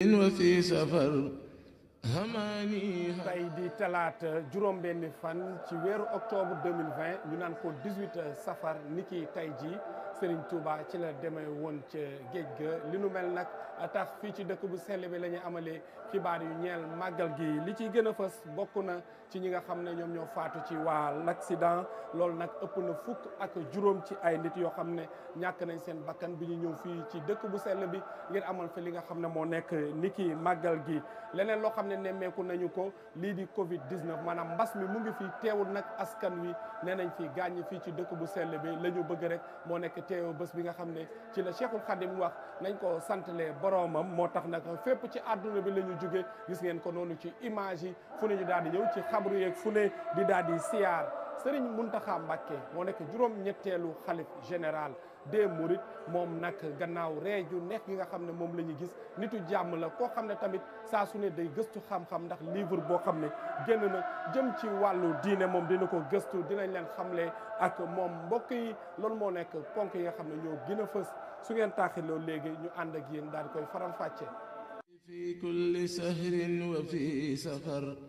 tey di talaata juróom benni fan ci weeru octobre 2020 ñu naan ko 18 safar niki tey jii Serigne Touba ci la demee woon ca géej ga li nu mel nag tax fii ci dëkk bu sell bi lañuy amalee xibaar yu ñeel màggal gi li ciy gën a fës bokk na ci ñi nga xam ne ñoom ñoo faatu ci waa l'accident loolu nag ëpp na fukk ak juróom ci ay nit yoo xam ne ñàkk nañ seen bakkan bi ñu ñëw fii ci dëkk bu sell bi ngir amal fi li nga xam ne moo nekk ni ki màggal gi leneen loo xam ne nemmeeku nañu ko lii di Covid 19 maanaam mbas mi mu ngi fi teewul nag askan wi nee nañ fi gaañ dëkk bu sell bi la teew bés bi nga xam ne ci la Cheikhul Khadim wax nañ ko santalee boroomam moo tax nag fépp ci àdduna bi la ñu jóge gis ngeen ko noonu ci image yi fu ne ñu daal di ñëw ci xabru yeeg fu ne di daal di siyaar Serigne Mountakha Mbacké moo nekk juróom-ñetteelu xalif général des Mourides moom nag gannaaw ree ju nekk gi nga xam ne moom la ñu gis nitu jàmm la koo xam ne tamit saa su ne day gëstu xam-xam ndax livre boo xam ne génn na jëm ci wàllu diine moom dina ko gëstu dinañ leen xamle ak moom mbokk yi loolu moo nekk ponk yi nga xam ne ñoo gën a fës su ngeen loolu léegi ñu ànd ak yéen daal di koy faram-fàccee. fi kulli sahrin wa fi safar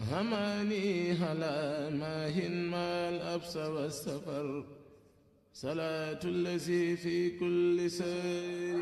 هماني هلا ماهن ما الأبس والسفر salaatu lazi fi kulli sëriñ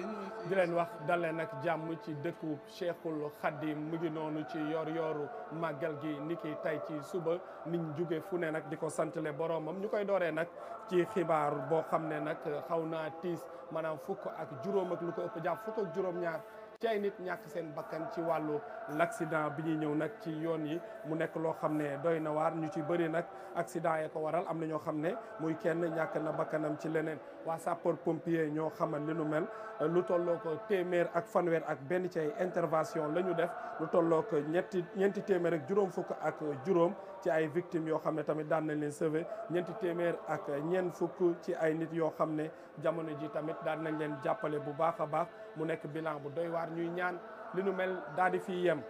di leen wax dalee nag jàmm ci dëkku Cheikhul Khadim mu ngi noonu ci yoor yooru màggal gi ni ki tey ci suba niñ jóge fu ne nag di ko santale boroomam ñu koy dooree nag ci xibaar boo xam ne nag xaw naa tiis maanaam fukk ak juróom ak lu ko ëpp jàpp fukk ak juróom-ñaar ci ay nit ñàkk seen bakkan ci wàllu l'accident bi ñuy ñëw nag ci yoon yi mu nekk loo xam ne doy na waar ñu ci bëri nag accident yee ko waral am na ñoo xam ne muy kenn ñàkk na bakkanam ci leneen waa sapeur pompier ñoo xamal li nu mel lu tolloo ko téeméer ak fanweer ak benn ci ay intervention la ñu def lu tolloo ko ñeenti téeméer ak juróom fukk ak juróom ci ay victimes yoo xam ne tamit daan nañ leen sauver ñeenti téeméer ak ñeent fukk ci ay nit yoo xam ne jamono ji tamit daan nañ leen jàppale bu baax a baax mu nekk bilan bu doy waar yaakaar ñuy ñaan li nu mel daal di fii yem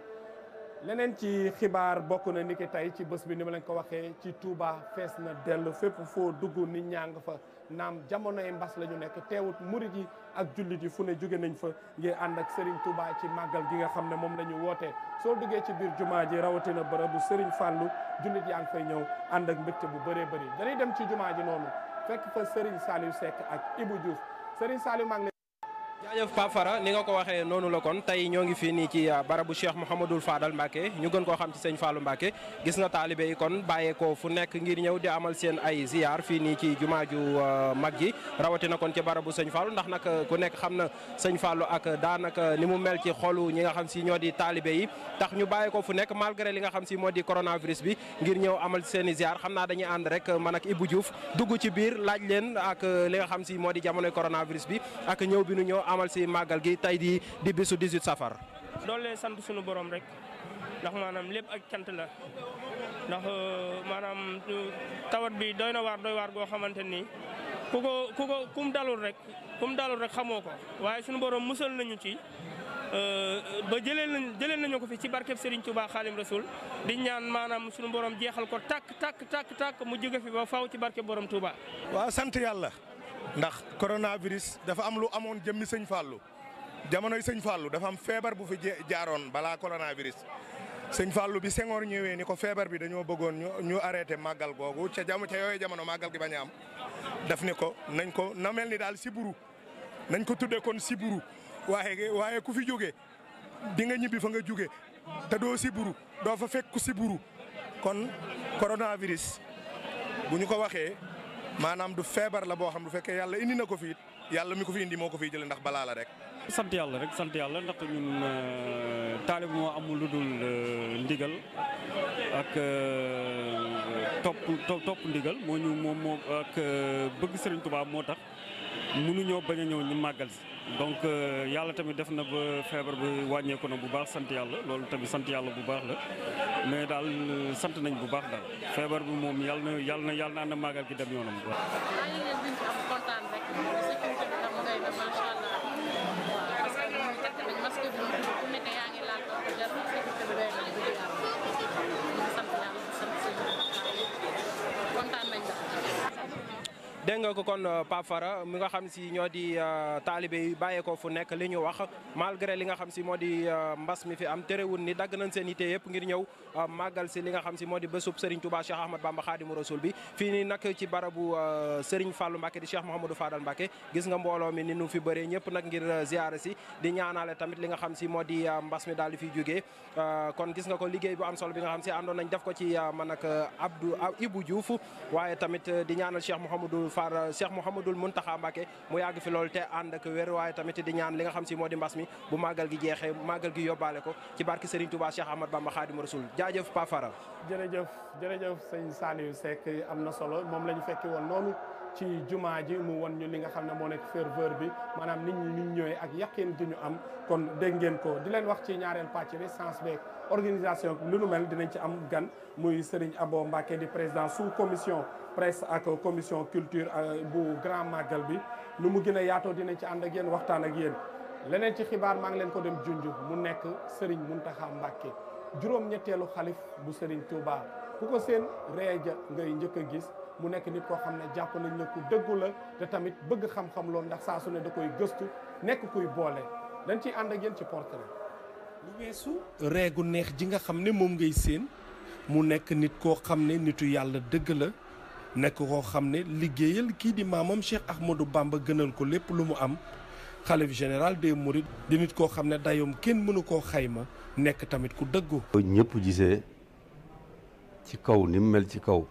leneen ci xibaar bokk na ni ki tey ci bës bi ni ma leen ko waxee ci Touba fees na dellu fépp foo dugg nit ñaa fa naam jamonoy mbas la ñu nekk teewut murit yi ak jullit yi fu ne jóge nañ fa ngir ànd ak sëriñ Touba ci màggal gi nga xam ne moom la ñu woote soo duggee ci biir jumaa ji rawatina bërëbu Serigne Fàllu jullit yaa ngi fay ñëw ànd ak mbégte bu baree bëri dañuy dem ci jumaa ji noonu fekk fa Serigne Saliou Seck ak Ibou Diouf jaajëf Pape Fara ni nga ko waxee noonu la kon tey ñoo ngi fi nii ci ah, barabu Cheikh Mouhamadul Fadal Mbacke ñu gën koo xam ci sëñ Fallou Mbacke gis nga taalibe yi kon bàyyeekoo fu nekk ngir ñëw di amal seen ay ziar fii nii ci jumaa ju ah, mag ji rawatina kon ci barabu sëñ Fallou ndax nag ku nekk xam na sëñ Fallou ak daanaka ni mu mel ci xolu ñi nga xam si ñoo di taalibe yi tax ñu ko fu nekk malgré li nga xam si moo di coronavirus bi ngir ñëw amal seen i xam naa dañuy ànd rek ah, man ak Ibou Diouf dugg ci biir laaj leen ak li nga xam si moo di jamonoy coronavirus bi amal si màggal gi tey di di bisu 18 safar. doon leen sant suñu boroom rek ndax maanaam lépp ak cant la ndax euh, maanaam euh, tawat bi doy na waar doy waar goo xamante ni ku ko ku ko kum dalul rek kum dalul rek xamoo ko waaye suñu boroom musal nañu ci. Euh, ba jëlee nañ jëlee nañu ko fi ci barkeb Serigne Touba Xaalim Rasul di ñaan maanaam suñu boroom jeexal ko tàkk tàkk tàkk tàkk mu jóge fi ba faw ci barkeb borom Touba. waaw sant yàlla. ndax coronavirus dafa am lu amoon jëmmi sëñ Fallou jamonoy sëñ Fallou dafa am feebar bu fi jaaroon balaa coronavirus sëñ Fallou bi Senghor ñëwee ni ko feebar bi dañoo bëggoon ñu ñu arrêté màggal googu ca jamono ca yooyu jamono màggal gi bañ am daf ni ko nañ ko na mel ni daal siburu nañ ko tuddee kon siburu waaye waaye ku fi jóge di nga ñibbi fa nga jóge te doo siburu doo fa fekk buru kon coronavirus bu ñu ko waxee. maanaam du feebar la boo xam du fekkee yàlla indi na ko fi yàlla mi ko fi indi moo ko fiy jëlee ndax balaa la rek. sant yàlla rek sant yàlla ndax ñun euh, taalib moo amul lu dul euh, ndigal ak euh, topp topp ndigal moo ñu moom moo ak bëgg Serigne Touba moo tax. mënuñoo bañ a ñëw ñu màggal si donc euh, yàlla tamit def na ba feebar bi wàññeeku na bu baax sant yàlla loolu tamit sant yàlla bu baax la mais daal euh, sant nañ bu baax daal feebar bi moom yàlla na yàlla na yàlla na ànd màggal gi dem yoonam. dégg nga ko kon euh, Pape Fara nga xam si ñoo di euh, taalibe yi bàyyeekoo fu nekk li ñu wax malgré li nga xam si moo di euh, mbas mi fi am terewul ni dagg nañ seen yitte yëpp ngir ñëw màggal si li nga xam si moo di bésub Serigne Touba Cheikh Ahmad Bamba Khadimu Rasul bi fii nii nag ci barabu Serigne Fallou Mbacke di Cheikh Mouhamadou Fadal Mbacke gis nga mbooloo mi ni nu fi bëree ñëpp nag ngir ziyaare si di ñaanaale tamit li nga xam si moo di mbas mi daal di fiy jógee kon gis nga ko liggéey bu am solo bi nga xam si àndoon nañ def ko ci man ak Abdou Ibou Diouf far euh, Cheikh Mouhamadoul Mountakha Mbacké mu yàgg fi loolu te ànd ak wér waaye tamit di ñaan li nga xam si moo di mbas mi bu màggal gi jeexee màggal gi yóbbaale ko ci barke Serigne Touba Cheikh Ahmad Bamba Khadim Rasoul jaajëf Pa Faral jërëjëf jërëjëf sëñ Saliou Seck am na solo moom la ñu fekki woon noonu ci jumaa ji mu won ñu li nga xam ne moo nekk ferveur bi maanaam nit ñi ñu ñëwee ak yaqin di ñu am kon dégg ngeen ko di leen wax ci ñaareel pàcc bi sens beeg organisation lu nu mel dinañ ci am gan muy Serigne aboo Mbacké di président sous commission presse ak commission culture euh, bu grand màggal bi lu mu gën a yaatoo dinañ ci ànd ak yéen waxtaan ak yéen leneen ci xibaar maa ngi leen ko dem junj mu nekk sëriñ Serigne Mountakha Mbacké juróom-ñetteelu xalif bu sëriñ Touba ku ko seen ree ja ngay njëkk a gis mu nekk nit koo xam ne jàpp nañ ne ku dëggu la te tamit bëgg xam-xam loolu ndax saa su ne da koy gëstu nekk kuy boole dañ ci ànd ak yéen ci portrait lu weesu reegu neex ji nga xam ne moom ngay seen mu nekk nit koo xam ne nitu yàlla dëgg nekk koo xam ne liggéeyal kii di maamam Cheikh Ahmadou Bamba gënal ko lépp lu mu am xalif général des mourides di nit koo xam ne dayoom kenn mënu koo xayma nekk tamit ku dëggu. ñëpp gisee ci kaw ni mel ci kaw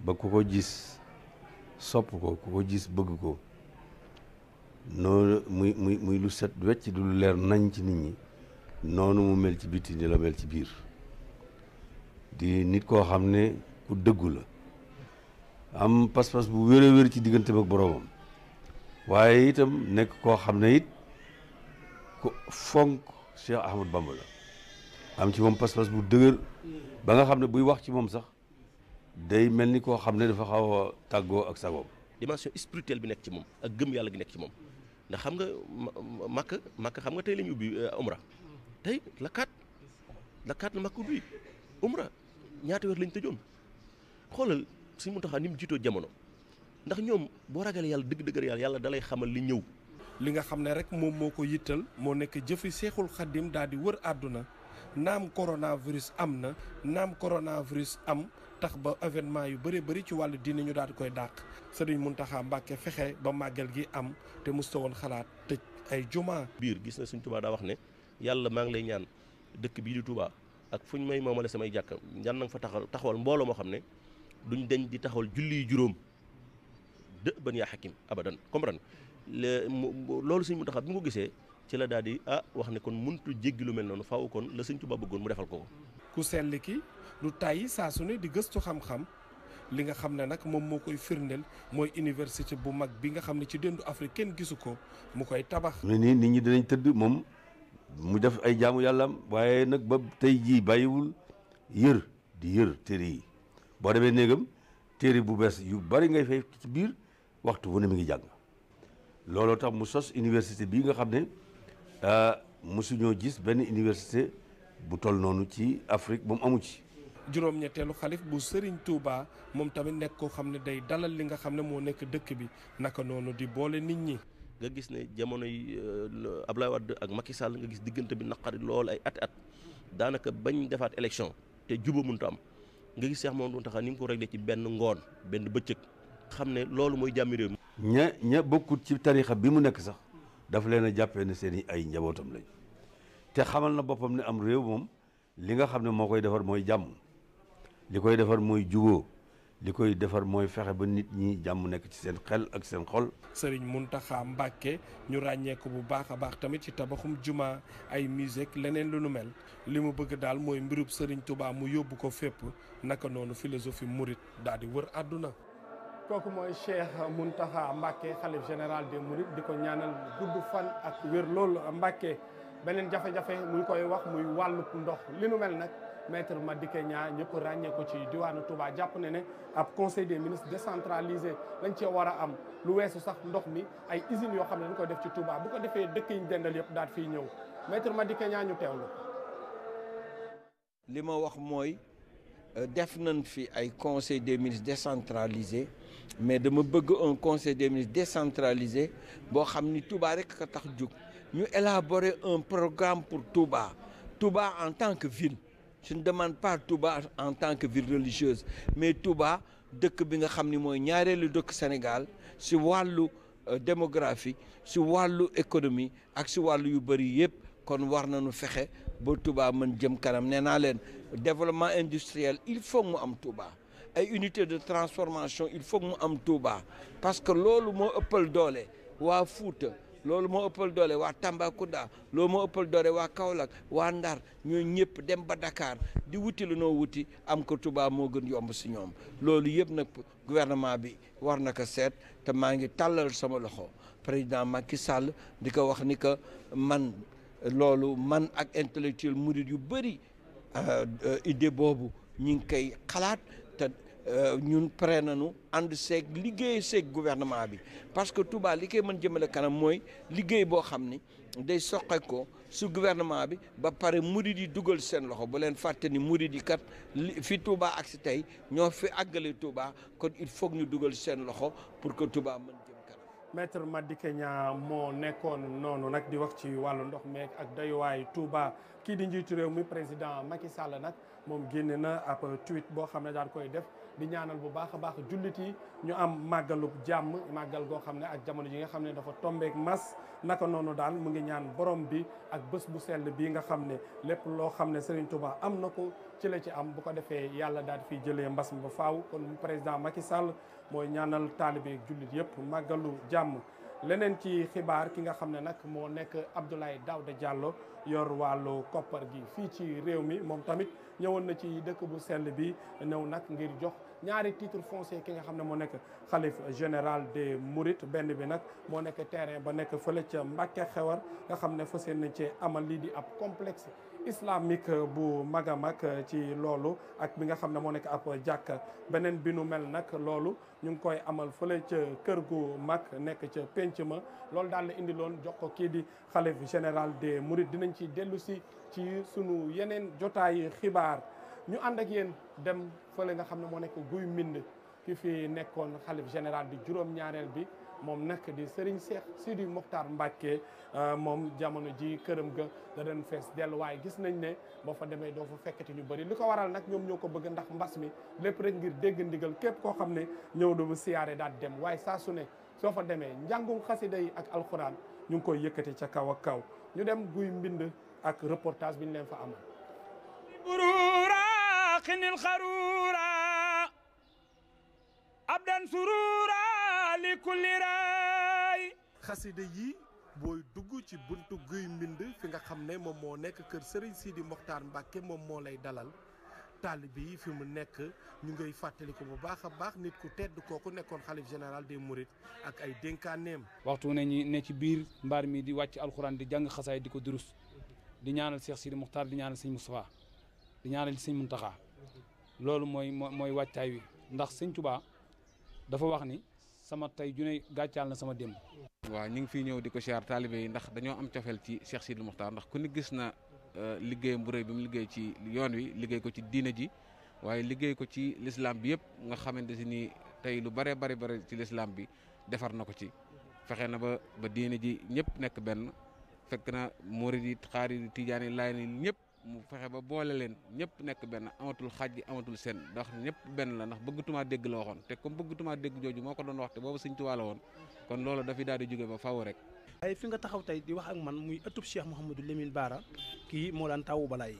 ba ko gis sopp ko ko gis bëgg ko noonu muy muy muy lu set wecc du lu leer nañ ci nit ñi noonu mu mel ci biti ni la mel ci biir di nit koo xam ne ku dëggu la. am pas-pas bu wér a wér ci diggante ak boroomam waaye itam nekk koo xam ne it ku fonk Cheikh Ahmad Bamba am ci moom pas bu dëgër ba nga xam ne buy wax ci moom sax day mel ni koo xam ne dafa xaw tàggoo ak sagoom dimension spirituelle bi nekk ci moom ak gëm yàlla gi nekk ci moom ndax xam nga màkk makk xam nga tey la ñu ubbi euh, umra tey la kaat la kaat la màkk ubbi umra ñaata weer lañ tëjoon xoolal suñ Sëriñ Muntaxa ni mu jiitoo jamono ndax ñoom boo ragalee yàlla dëgg dëggal yàlla yàlla dalay xamal li ñëw li nga xam ne rek moom moo ko yittal moo nekk jëfi seexul xaddim daal di wër àdduna naam coronavirus am na naam coronavirus am tax ba événement yu bëri bëri ci wàll dina ñu daal di koy dàq sëriñ Muntaxa Mbàkke fexe ba màggeel gi am te musta woon xalaat tëj ay juma. biir gis na suñ Tuubaa daa wax ne yàlla maa ngi lay ñaan dëkk bii di Tuubaa ak fu ñu may moomale samay jàkk ñaan na nga fa taxawal taxawal mbooloo moo xam ne duñ deñ di taxawal julli juróom dë ban yaa xakim abadan comprendre loolu mu Muntaxa bi mu ko gisee ci la daal di ah wax ne kon muntu jéggi lu mel noonu faaw kon la sëñ Tuubaa bëggoon mu defal ko ko. ku sell ki lu tàyyi saa su ne di gëstu xam-xam li nga xam ne nag moom moo koy firndeel mooy université bu mag bi nga xam ne ci dendu Afrique kenn gisu ko mu koy tabax. mu nii nit ñi dinañ tëdd moom mu def ay jaamu yàlla waaye nag ba tey jii bàyyiwul yër di yër téere yi. boo demee néegam téere bu bees yu bari ngay fay ci biir waxtu wu ne mi ngi jàng looloo tax mu sos université bii nga xam ne euh, mosuñoo gis benn université bu toll noonu ci Afrique moom amu ci. juróom-ñetteelu xalif bu Serigne Touba moom tamit nekk koo xam ne day dalal li nga xam ne moo nekk dëkk bi naka noonu di boole nit ñi. nga gis ne jamono yi euh, Ablaye Wade ak Macky Sall nga gis diggante bi naqari lool ay at at daanaka bañ defaat élection te juba mënut am. nga gis Cheikh Mamadou Mountakha ni mu ko réglé ci benn ngoon benn bëccëg xam ne loolu mooy jàmmi réew mi ña ña bokkut ci tarixa bi mu nekk sax dafa leen a jàppee ne seen i ay njabootam lañ te xamal na boppam ni am réew moom li nga xam ne moo koy defar mooy jàmm li koy defar mooy juboo li koy defar mooy fexe ba nit ñi jàmm nekk ci seen xel ak seen xol. sëriñ Mountakha Mbacké ñu ràññee ko bu baax a baax tamit ci tabaxum jumaa ay musée leneen lu nu mel li mu bëgg daal mooy mbirub Serigne tubaab mu yóbbu ko fépp naka noonu philosophie murit daal di wër àdduna. kooku mooy Cheikh Mountakha Mbacké xalif général des Mourides di ko ñaanal gudd fan ak wér lool Mbacké beneen jafe-jafe mu koy wax muy wàllu ndox li nu mel nag. maître Madické Niang ñëpp ràññee ko ci diwaanu Touba jàpp ne ne ab conseil des ministres décentralisé lañ cee war a am lu weesu sax ndox mi ay usines yoo xam ne dañ koy def ci Touba bu ko defee dëkk yi ñu dendal yëpp daal fi ñëw maître Madické Niang ñu teewlu. li ma wax mooy euh, def nañ fi ay conseil des ministres décentralisé mais dama bëgg un conseil des ministres décentralisé boo xam ni Touba rek ka tax jóg ñu élaborer un programme pour Touba Touba en tant que ville. je ne demande pas Touba en tant que ville religieuse mais Touba dëkk bi nga xam ni mooy ñaareelu dëkk Sénégal si wàllu euh, démographie si wàllu économie ak si wàllu yu bëri yëpp kon war nañu fexe ba Touba man jëm kanam nee naa leen développement industriel il faut mu am Touba ay unité de transformation il faut mu am Touba parce que loolu moo ëppal doole waa Fuuta loolu moo ëppal doole waa Tambacounda loolu moo ëppal doole waa Kaolack waa Ndar ñooy ñëpp dem ba dakaar di wuti lu noo wuti am ko tubaab moo gën yomb si ñoom loolu yëpp nag gouvernement bi war na ko seet te maa ngi tàllal sama loxo président Macky Sall di ko wax ni que man loolu man ak intellectuel murid yu bëri euh, euh, idée boobu ñu ngi koy xalaat te Euh, ñun pare nañu ànd seeg liggéey seeg gouvernement bi parce que Touba li koy mën jëmale kanam mooy liggéey boo xam ni day soqe ko su gouvernement bi ba pare murid yi dugal seen loxo bu leen fàtte ni murid yi kat fi Touba ak si tey ñoo fi àggale Touba kon il faut ñu dugal seen loxo pour que tubaa man jëm kanam. maître Madické Niang moo nekkoon noonu nag di wax ci wàllu ndox meek ak dayuwaayu Touba kii di njiitu réew mi président Macky Sall nag moom génne na ab tweet boo xam ne daan koy def. di ñaanal bu baax a baax jullit yi ñu am màggalu jàmm màggal goo xam ne ak jamono ji nga xam ne dafa tombeek mas naka noonu daal mu ngi ñaan borom bi ak bës bu sell bii nga xam ne lépp loo xam ne Serigne Touba am na ko ci la ci am bu ko defee yàlla daal di fiy jëlee mbas mi ba faaw kon président Macky Sall mooy ñaanal taalibe ak jullit yëpp màggalu jàmm leneen ci xibaar ki nga xam ne nag moo nekk Abdoulaye Daouda Diallo yor wàllu koppar gi fii ci réew mi moom tamit ñëwoon na ci dëkk bu sell bi ñëw nag ngir jox ñaari titre foncier ki nga xam ne moo nekk xalif général des Mourides benn bi nag moo nekk terrain ba nekk fële ca Mbàkke Xewar nga xam ne fas yéene nañ cee amal lii di ab complexe islamique bu mag a mag eh, ci loolu ak bi nga xam ne moo nekk ab jàkka beneen bi nu mel nag loolu ñu ngi koy amal fële ca kër gu mag nekk ca penc ma loolu daal indi loon jox ko kii di xalif général de des mourides dinañ ci dellu si ci sunu yeneen jotaay xibaar ñu ànd ak yéen dem fële nga xam ne moo nekk guy mbind ki fi nekkoon xalif général bi juróom-ñaareel bi moom nag di Serigne Cheikh Sidi Mokhtar Mbacke euh, moom jamono ji këram ga da doon fees dellu waaye gis nañ ne boo fa demee doo fa fekkati ñu bëri li ko waral nag ñoom ñoo ko bëgg ndax mbas mi lépp rek ngir dégg ndigal képp koo xam ne ñëw du bu siyaare daal dem waaye saa su ne soo fa demee njàngum xasida yi ak alxuraan ñu ngi koy yëkkati ca kaw ak kaw ñu dem guy mbind ak reportage biñ ñu leen fa amal برورا خن الخرورا li kulli raay xasida yi booy dugg ci buntu guy mbind fi nga xam ne moom moo nekk kër Serigne Sidi Mokhtar Mbacke moom moo lay dalal taalibe yi fi mu nekk ñu ngay fàttali ko bu baax a baax nit ku tedd kooku nekkoon xalif général des Mourides ak ay dénkaaneem. waxtu ne ñi ne ci biir mbaar mi di wàcc alxuraan di jàng xasaay di ko durus di ñaanal seex Sidi Mokhtar di ñaanal sëñ Moustapha di ñaanal sëñ Mountakha loolu mooy mooy wàccaay wi ndax sëñ Touba dafa wax ni. sama tey ju ne gàccaal na sama démb. waaw ñu ngi fii ñëw di ko siyaar taalibe yi ndax dañoo am cofeel ci Cheikh Sidil Mokhtar ndax ku ni gis na euh, liggéeyam bu rëy bi mu liggéey ci yoon wi liggéey ko ci diina ji waaye liggéey ko ci lislaam bi yëpp nga xamante si ni tey lu bare bare bare ci lislaam bi defar na ko ci fexe na ba ba diina ji ñëpp nekk benn fekk na murid yi xaadir yi tiijaan ñëpp mu fexe ba boole leen ñëpp nekk benn amatul xaaj yi amatul seen ndax ñëpp benn la ndax bëggatumaa dégg la waxoon te comme bëggatumaa dégg jooju moo ko doon wax te boobu Sëñ Tuubaa la woon kon loolu dafay daal di jóge ba faw rek waaye fi nga taxaw tey di wax ak man muy ëttub Cheikh Mouhamadou Lamine baara kii moo daan tawu balaa yi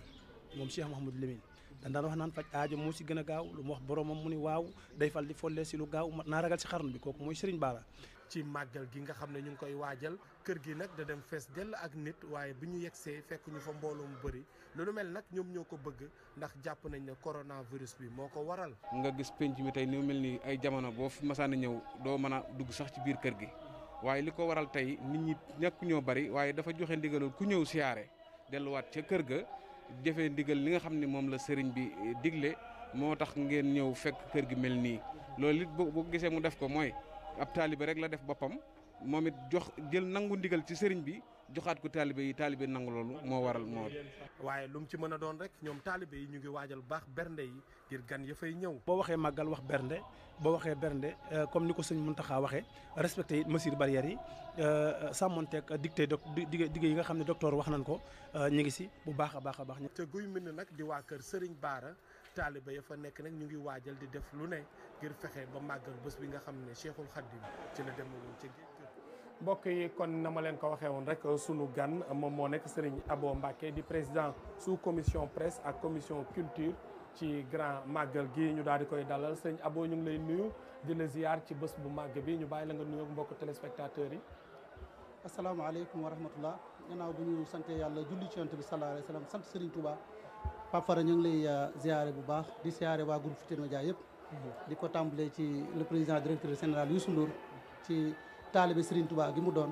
moom Cheikh Mouhamadou Lamine dan daan wax naan faj aajo moo si gën a gaaw lu mu wax boromam mu ni waaw day fal di folle si lu gaaw naa ragal si xarnu bi kooku mooy Serigne Bara ci màggal gi nga xam ne ñu ngi koy waajal kër gi nag da dem fees dell ak nit waaye bi ñu yegsee fekk ñu fa mbooloo mu bëri loolu mel nag ñoom ñoo ko bëgg ndax jàpp nañ ne coronavirus bi moo ko waral. nga gis penc mi tey ni mel ni ay jamono boo fi masaan ñëw doo mën a dugg sax ci biir kër gi waaye li ko waral tey nit ñi ñàkk ñoo bari waaye dafa joxe ndigalul ku ñëw siyaare delluwaat ca kër ga jëfee ndigal li nga xam ni moom la sëriñ bi eh, digle moo tax ngeen ñëw fekk kër gi mel nii loolu it boo gisee mu def ko mooy ab taalibe rek la def boppam moom it jox jël nangu ndigal ci sëriñ bi joxaat ko taalibe yi taalibe nangu loolu moo waral moo. waaye lu mu ci mën a doon rek ñoom taalibe yi ñu ngi waajal bu baax bernde yi ngir gan ya fay ñëw. boo waxee màggal wax bernde boo waxee bernde euh, comme ni ko sëñ Mountakha waxee respecté it mesures barrières yi euh, euh, sàmmonteeg dicté doc digg yi nga xam ne docteur wax nañ ko ñu ngi si bu baax a baax a baax. te guy mën nag di waa kër Serigne Baara. taaliba ya fa nekk nag ñu ngi waajal di def lu ne ngir fexe ba màggal bés bi nga xam ne Cheikhul Khadim ci la demaloon ci géej mbokk yi kon na ma leen ko waxee woon rek sunu gan moom moo nekk Serigne Abo Mbacké di président sous commission presse ak commission culture ci grand màggal gi ñu daal di koy dalal Serigne Abo ñu ngi lay nuyu di la ci bës bu màgg bi ñu bàyyi la nga nuyoog mbokk téléspectateurs yi. asalaamaaleykum wa rahmatullah gannaaw bu ñu sante yàlla julli ci yonent bi sallallahu alayhi wa sallam sant Serigne Touba. Pape Fara ñu ngi lay euh, ziare bu baax di ziare waa groupe Futurs Médias yëpp. Mhm. di ko tàmbalee ci le président directeur général Youssou Ndour ci taalibe Serigne Touba gi mu doon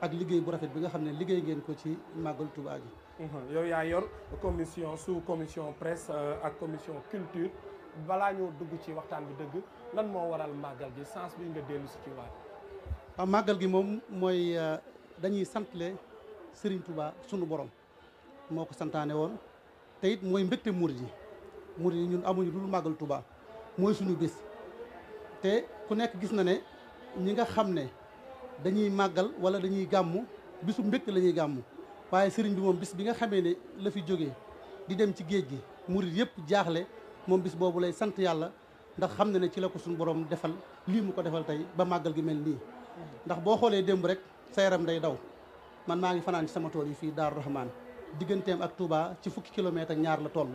ak liggéey bu rafet bi nga xam ne liggéey ngeen ko ci màggal Touba gi. Mhm. yow yaa yor commission sous commission presse euh, ak commission culture balaa ñoo dugg ci waxtaan bi dëgg lan moo waral màggal gi sens bi nga dellu si ci waay. màggal gi moom mooy euh, dañuy santle Serigne Touba sunu borom moo ko santaane woon. te it mooy mbégte murid yi murid yi ñun amuñu dul màggal tubaab mooy suñu bis te ku nekk gis na ne ñi nga xam ne dañuy màggal wala dañuy gàmmu bisu mbégte la ñuy gàmmu waaye sëriñ bi moom bis bi nga xamee ne la fi jóge di dem ci géej gi murid yëpp jaaxle moom bis boobu lay sant yàlla ndax xam na ne ci la ko suñu borom defal lii mu ko defal tey ba màggal gi mel nii ndax boo xoolee démb rek sa yaram day daw man maa ngi fanaan ci sama tool yi fii digganteem ak Touba ci fukki kilomètre ak ñaar la toll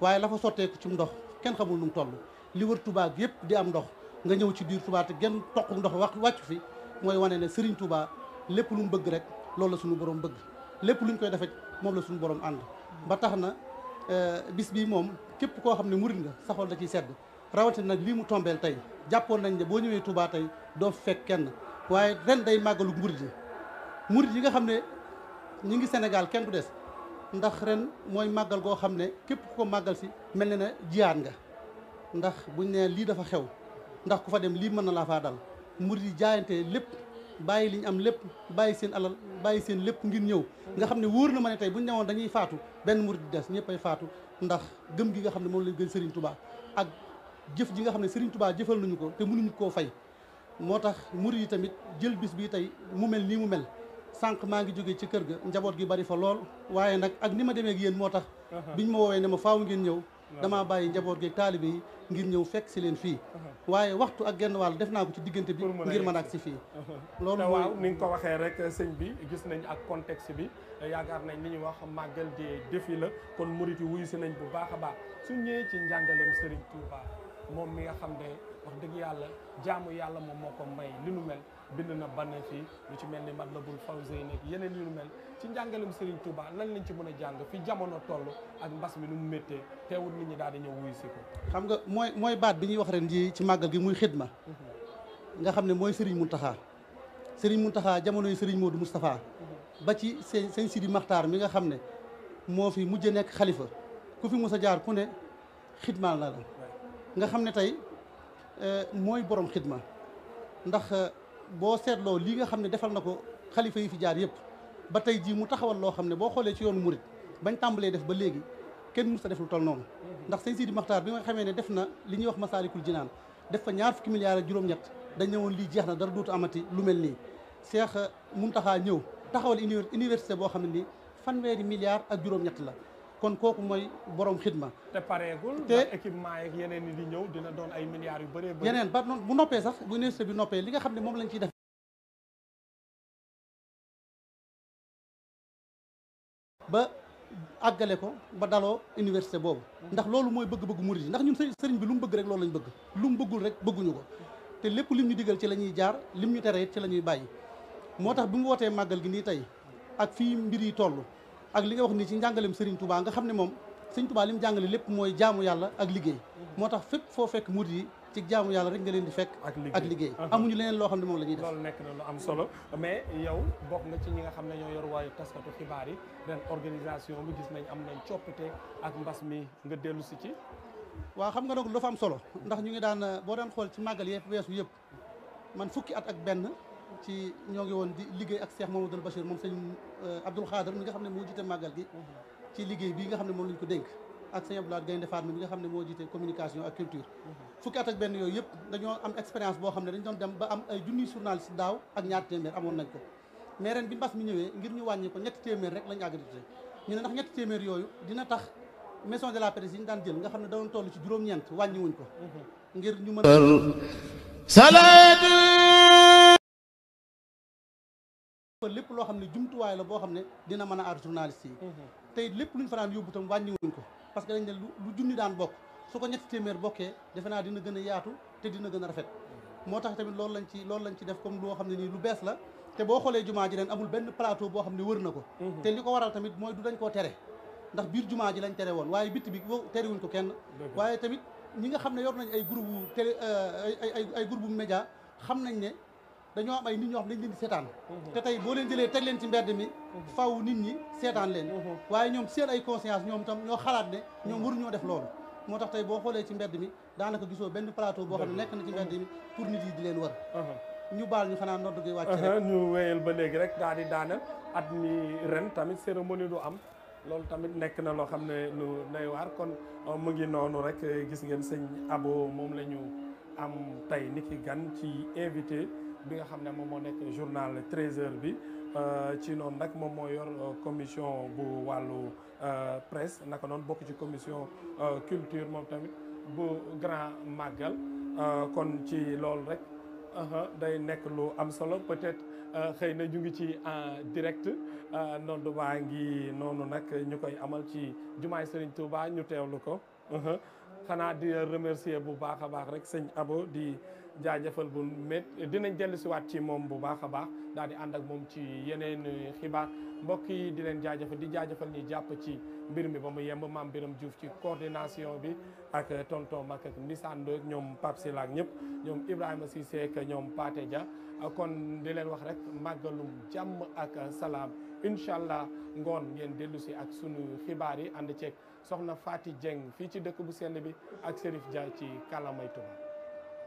waaye la fa sotteeku ci ndox kenn xamul nu mu toll li wër Touba yëpp di am ndox nga ñëw ci biir Touba te genn toq ndox wax wàccu fi mooy wane ne Serigne Touba lépp lum bëgg rek loolu la suñu borom bëgg lépp luñ koy defee moom la suñu borom ànd ba tax na euh, bis bii moom képp koo xam ne murit nga saxool da ciy sedd rawatina nag lii mu tombeel tey jàppoon nañ ne boo ñëwee Touba tey doo fekk kenn waaye ren day màggalu murit yi murit yi nga xam ne ñi ngi Sénégal kenn des ndax ren mooy màggal goo xam ne képp ku ko màggal si mel na ne jiyaat nga ndax buñ ne lii dafa xew ndax ku fa dem lii mën na laa faa dal murid yi jaayante lépp bàyyi li am lépp bàyyi seen alal bàyyi seen lépp ngir ñëw nga xam ne wóor na ma ne tey bu ñu newoon dañuy faatu benn murid di des ñëppay faatu ndax gëm gi nga xam ne moom lañ gën Serigne tubaa ak jëf ji nga xam ne Serigne tubaa jëfal nañu ko te mënuñu koo fay moo tax murid yi tamit jël bis bii tey mu mel nii mu mel sànq maa ngi jógee ci kër ga njaboot gi bari fa lool waaye nag ak ni ma demee ak moo tax bi uh-huh. biñ ma woowee ne ma faaw ngeen ñëw uh-huh. damaa bàyyi njaboot gi taalibe yi ngir ñëw fekk si leen fii uh-huh. waaye waxtu ak genn wàll def naa ko ci diggante bi ngir mën ak si fii loolu waaw ni nga ko waxee rek sëñ bi gis nañ ak contexte bi yaakaar nañ li ñuy wax màggal de défi la kon murit yi wuyu si nañ bu baax a baax suñ ñëwee ci njàngaleem Serigne moom mi nga xam ne wax dëgg yàlla jaamu yàlla moom moo ko may li nu mel bind na bànne fii lu ci mel ni Matlabul Fawzayni nekk yeneen yu mel ci njàngalem Serigne Touba lan lañ ci mën a jàng fi jamono toll ak mbas mi nu mu méttee teewul nit ñi daal di ñëw wuyu si ko. xam nga mooy mooy baat bi ñuy wax ren ji ci màggal gi muy xidma mhm. nga xam ne mooy Serigne Mountakha Serigne Mountakha jamono yi Serigne Modou Moustapha mhm. ba ci seen seen Sidi Maxtaar mi nga xam ne moo fi mujj nekk xalifa ku fi mos a jaar ku ne xidmaal na la nga xam ne tey euh, mooy borom xidma ndax. boo seetloo li nga xam ne defal na ko xalifa yi fi jaar yëpp ba tey jii mu taxawal loo xam ne boo xoolee ci yoonu murit bañ tàmbalee def ba léegi kenn mësta def lu toll noonu ndax sëñ Sidi Maxtaar bi nga xamee ne def na li ñuy wax masaalikul jinaan def fa ñaar fukki milliards ak juróom-ñett dañ ne woon lii jeex na dara dootu amati lu mel nii Seex taxaa ñëw taxawal université boo xam ne nii fanweeri milliards ak juróom-ñett la kon kooku mooy boroom xidma te pareegul te équipement yeeg yeneen yi di ñëw dina doon ay milliards yu bëree bëri yeneen ba bu noppee sax bu université bi noppee li xam ne moom lañ ciy def ba àggale ko ba daloo université boobu ndax loolu mooy bëgg-bëgg murid yi ndax ñun sëriñ bi lu mu bëgg rek loolu lañ bëgg lu mu bëggul rek bëgguñu ko te lépp lim ñu digal ci la ñuy jaar lim ñu tere it ci la ñuy bàyyi moo tax bi mu wootee màggal gi nii tey ak fii mbir yi toll ak li nga wax nii ci njàngaleem Serigne Touba nga xam ne moom Serigne Touba li mu jàngale lépp mooy jaamu yàlla ak liggéey moo tax fépp foo fekk murid yi ci jaamu yàlla rek nga leen di fekk ak liggéey uh-huh. amuñu leneen loo xam ne moom la ñuy def nekk na lu am solo mais yow bokk nga ci ñi nga xam ne ñoo yor waayu taskatu xibaar yi ren organisation bi gis nañ am nañ coppite ak mbas mi nga dellu si ci waaw xam nga donc lu fa am solo ndax ñu ngi daan boo daan xool ci màggal yëpp weesu yëpp man fukki at ak benn ci ñoo ngi woon di liggéey ak Cheikh Mamadou Bachir moom sëñ euh, Abdoul Khader mi nga xam ne moo jiite màggal gi mhm. ci liggéey bii nga xam ne moom lañ ko dénk ak sëñ Abdoulaye Gaynde Fatma mi nga xam ne moo jiite communication ak culture mhm. fukki at ak benn yooyu yëpp dañoo am expérience boo xam ne dañ doon dem ba am ay junniy journaliste daaw ak ñaar téeméer amoon nañ ko mais bi mbas mi ñëwee ngir ñu wàññi ko ñetti téeméer rek lañ agrédité ñu fa lépp loo xam ne jumtuwaay la boo xam ne dina mën a aar journaliste yi mhm. tey lépp lu ñu yóbbu tam wàññiwuñ ko parce que dañ ne lu junni daan bokk su ko ñetti téeméer bokkee defe naa dina gën a yaatu te dina gën a rafet mhm. moo tax tamit loolu lañ ci loolu lañ ci def comme loo xam ne nii lu bees la te boo xoolee jumaa ji ren amul benn plateau boo xam ne wër na ko mhm. te li ko waral tamit mooy du dañ koo tere ndax biir jumaa ji lañ tere woon waaye bitti bi terewuñ ne yor nañ ay groupe télé euh, ay ne dañoo am ay nit ñoo xam dañ leen mhm. te tey leen jëlee teg leen ci mbedd mi mhm. faw nit ñi seetaan leen mhm. waaye ñoom seen ay conscience ñoom tam ñoo xalaat ne ñoom waruñoo def loolu moo tax tey boo ci mbedd mi daanaka gisoo benn plateau boo xam ne nekk na ci mbedd mi pour nit yi di ñu baal ñu xanaa ndodd gi wàcc rek ñu wéyal ba léegi rek daal di daaneel at mi ren tamit cérémonie du am loolu tamit nekk na loo xam ne lu nay waar kon euh, mu ngi noonu rek gis ngeen señ Abo moom la ñu am tey ni ki gan ci invité bi nga xam ne moom moo nekk journal 13h bi euh, ci noonu nag moom mooy yor euh, commission bu wàllu euh, presse naka noonu bokk ci commission culture moom tamit bu grand màggal kon ci loolu rek day nekk lu am solo peut-être xëy na jugi ci en direct nondu baa ngi noonu nag ñu koy amal ci jumaay tu Touba ñu teewlu ko xanaa di remercier bu baax a baax rek sëñ Abo di. jaajëfal bu mét dinañ dellusiwaat ci moom bu baax a baax daal di ànd ak moom ci yeneen xibaar mbokk yi di leen jaajëfal di jaajëfal ñi jàpp ci mbir mi ba mu yemb maam Biram Diouf ci coordination bi ak tonton Mak ak Nisando ak ñoom Pape Sylla ak ñëpp ñoom Ibrahima Cissé ak ñoom paate ja kon di leen wax rek màggalum jàmm ak salaam incha allah ngoon ngeen dellu si ak sunu xibaar yi ànd ceeg soxna Fati Dieng fii ci dëkk bu sell bi ak Serif Dia ci kàllaamay Tuuba